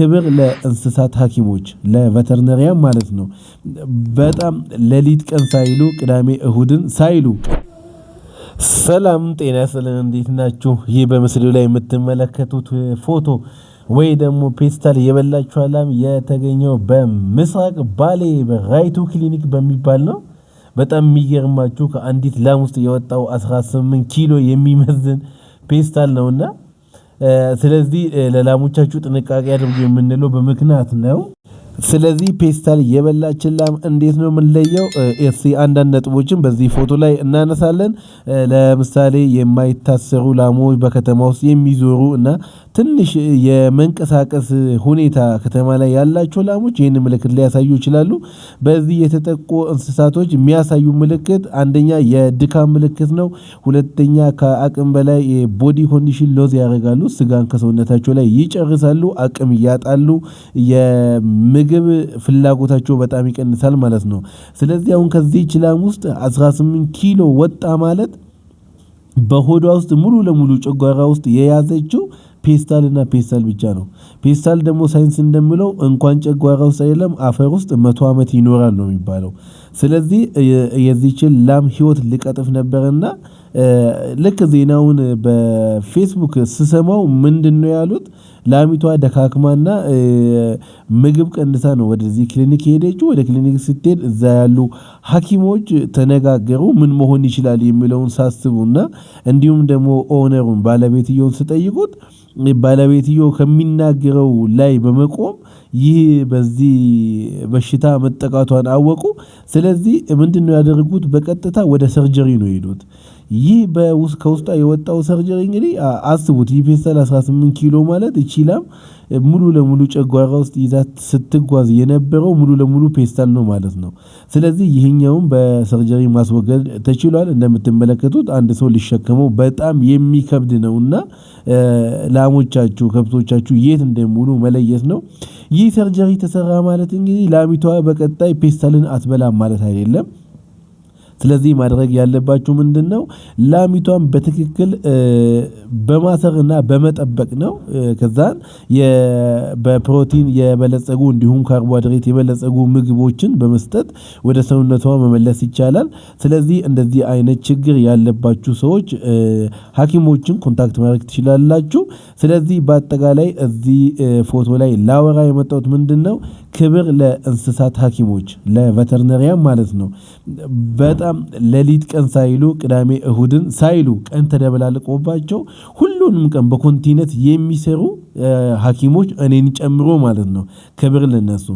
ክብር ለእንስሳት ሐኪሞች ለቨተርነሪያን ማለት ነው። በጣም ሌሊት ቀን ሳይሉ ቅዳሜ እሁድን ሳይሉ ሰላም ጤና ስለን እንዴት ናችሁ? ይህ በምስሉ ላይ የምትመለከቱት ፎቶ ወይ ደግሞ ፔስታል የበላችሁ አላም የተገኘው በምስራቅ ባሌ በራይቱ ክሊኒክ በሚባል ነው። በጣም የሚገርማችሁ ከአንዲት ላም ውስጥ የወጣው 18 ኪሎ የሚመዝን ፔስታል ነውና ስለዚህ ለላሞቻችሁ ጥንቃቄ አድርጉ የምንለው በምክንያት ነው። ስለዚህ ፔስታል የበላችን ላም እንዴት ነው የምንለየው? እስቲ አንዳንድ ነጥቦችን በዚህ ፎቶ ላይ እናነሳለን። ለምሳሌ የማይታሰሩ ላሞች በከተማ ውስጥ የሚዞሩ እና ትንሽ የመንቀሳቀስ ሁኔታ ከተማ ላይ ያላቸው ላሞች ይህን ምልክት ሊያሳዩ ይችላሉ። በዚህ የተጠቁ እንስሳቶች የሚያሳዩ ምልክት አንደኛ የድካም ምልክት ነው። ሁለተኛ ከአቅም በላይ ቦዲ ኮንዲሽን ሎዝ ያደርጋሉ። ስጋን ከሰውነታቸው ላይ ይጨርሳሉ፣ አቅም ያጣሉ። የምግብ ፍላጎታቸው በጣም ይቀንሳል ማለት ነው። ስለዚህ አሁን ከዚህች ላም ውስጥ 18 ኪሎ ወጣ ማለት በሆዷ ውስጥ ሙሉ ለሙሉ ጨጓራ ውስጥ የያዘችው ፔስታል እና ፔስታል ብቻ ነው። ፔስታል ደግሞ ሳይንስ እንደሚለው እንኳን ጨጓራ ውስጥ አይደለም አፈር ውስጥ መቶ ዓመት ይኖራል ነው የሚባለው። ስለዚህ የዚችን ላም ህይወት ልቀጥፍ ነበርና ልክ ዜናውን በፌስቡክ ስሰማው ምንድን ነው ያሉት ላሚቷ ደካክማና ምግብ ቀንሳ ነው ወደዚህ ክሊኒክ የሄደችው። ወደ ክሊኒክ ስትሄድ እዛ ያሉ ሐኪሞች ተነጋገሩ። ምን መሆን ይችላል የሚለውን ሳስቡና እንዲሁም ደግሞ ኦነሩን ባለቤትየውን ስጠይቁት ባለቤትየው ከሚናገረው ላይ በመቆም ይህ በዚህ በሽታ መጠቃቷን አወቁ። ስለዚህ ምንድን ነው ያደረጉት? በቀጥታ ወደ ሰርጀሪ ነው የሄዱት። ይህ ከውስጧ የወጣው ሰርጀሪ እንግዲህ አስቡት፣ ይህ ፌስታል 18 ኪሎ ማለት ቺላም ሙሉ ለሙሉ ጨጓራ ውስጥ ይዛት ስትጓዝ የነበረው ሙሉ ለሙሉ ፔስታል ነው ማለት ነው። ስለዚህ ይህኛውም በሰርጀሪ ማስወገድ ተችሏል። እንደምትመለከቱት አንድ ሰው ሊሸከመው በጣም የሚከብድ ነውና እና ላሞቻችሁ፣ ከብቶቻችሁ የት እንደሙሉ መለየት ነው። ይህ ሰርጀሪ ተሰራ ማለት እንግዲህ ላሚቷ በቀጣይ ፔስታልን አትበላም ማለት አይደለም። ስለዚህ ማድረግ ያለባችሁ ምንድን ነው ላሚቷን በትክክል በማሰር እና በመጠበቅ ነው። ከዛን በፕሮቲን የበለጸጉ እንዲሁም ካርቦሃይድሬት የበለጸጉ ምግቦችን በመስጠት ወደ ሰውነቷ መመለስ ይቻላል። ስለዚህ እንደዚህ አይነት ችግር ያለባችሁ ሰዎች ሐኪሞችን ኮንታክት ማድረግ ትችላላችሁ። ስለዚህ በአጠቃላይ እዚህ ፎቶ ላይ ላወራ የመጣሁት ምንድን ነው ክብር ለእንስሳት ሐኪሞች ለቨተርነሪያን ማለት ነው። በጣም ሌሊት ቀን ሳይሉ ቅዳሜ እሁድን ሳይሉ ቀን ተደበላልቆባቸው ሁሉንም ቀን በኮንቲነት የሚሰሩ ሐኪሞች እኔን ጨምሮ ማለት ነው። ክብር ለነሱ።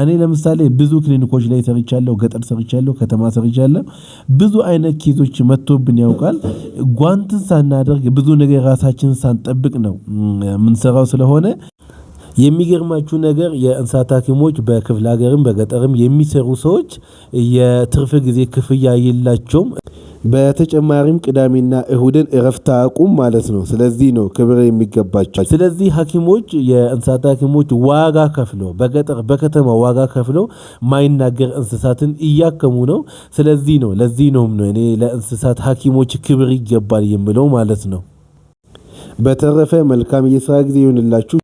እኔ ለምሳሌ ብዙ ክሊኒኮች ላይ ሰርቻለሁ፣ ገጠር ሰርቻለሁ፣ ከተማ ሰርቻለሁ። ብዙ አይነት ኬዞች መጥቶብን ያውቃል። ጓንትን ሳናደርግ ብዙ ነገር ራሳችን ሳንጠብቅ ነው የምንሰራው ስለሆነ የሚገርማችሁ ነገር የእንስሳት ሐኪሞች በክፍለ ሀገርም በገጠርም የሚሰሩ ሰዎች የትርፍ ጊዜ ክፍያ የላቸውም። በተጨማሪም ቅዳሜና እሁድን እረፍት አቁም ማለት ነው። ስለዚህ ነው ክብር የሚገባቸው። ስለዚህ ሐኪሞች የእንስሳት ሐኪሞች ዋጋ ከፍለው በገጠር በከተማ ዋጋ ከፍለው ማይናገር እንስሳትን እያከሙ ነው። ስለዚህ ነው ለዚህ ነውም ነው እኔ ለእንስሳት ሐኪሞች ክብር ይገባል የምለው ማለት ነው። በተረፈ መልካም የስራ ጊዜ ይሆንላችሁ።